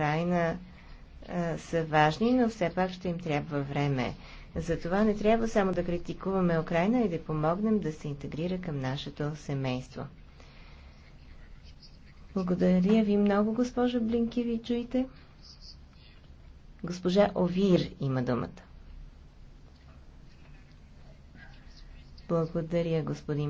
Украина а, са важни, но все пак ще им трябва време. Затова не трябва само да критикуваме Украина и да помогнем да се интегрира към нашето семейство. Благодаря ви много, госпожа ви Чуете? Госпожа Овир има думата. Благодаря, господин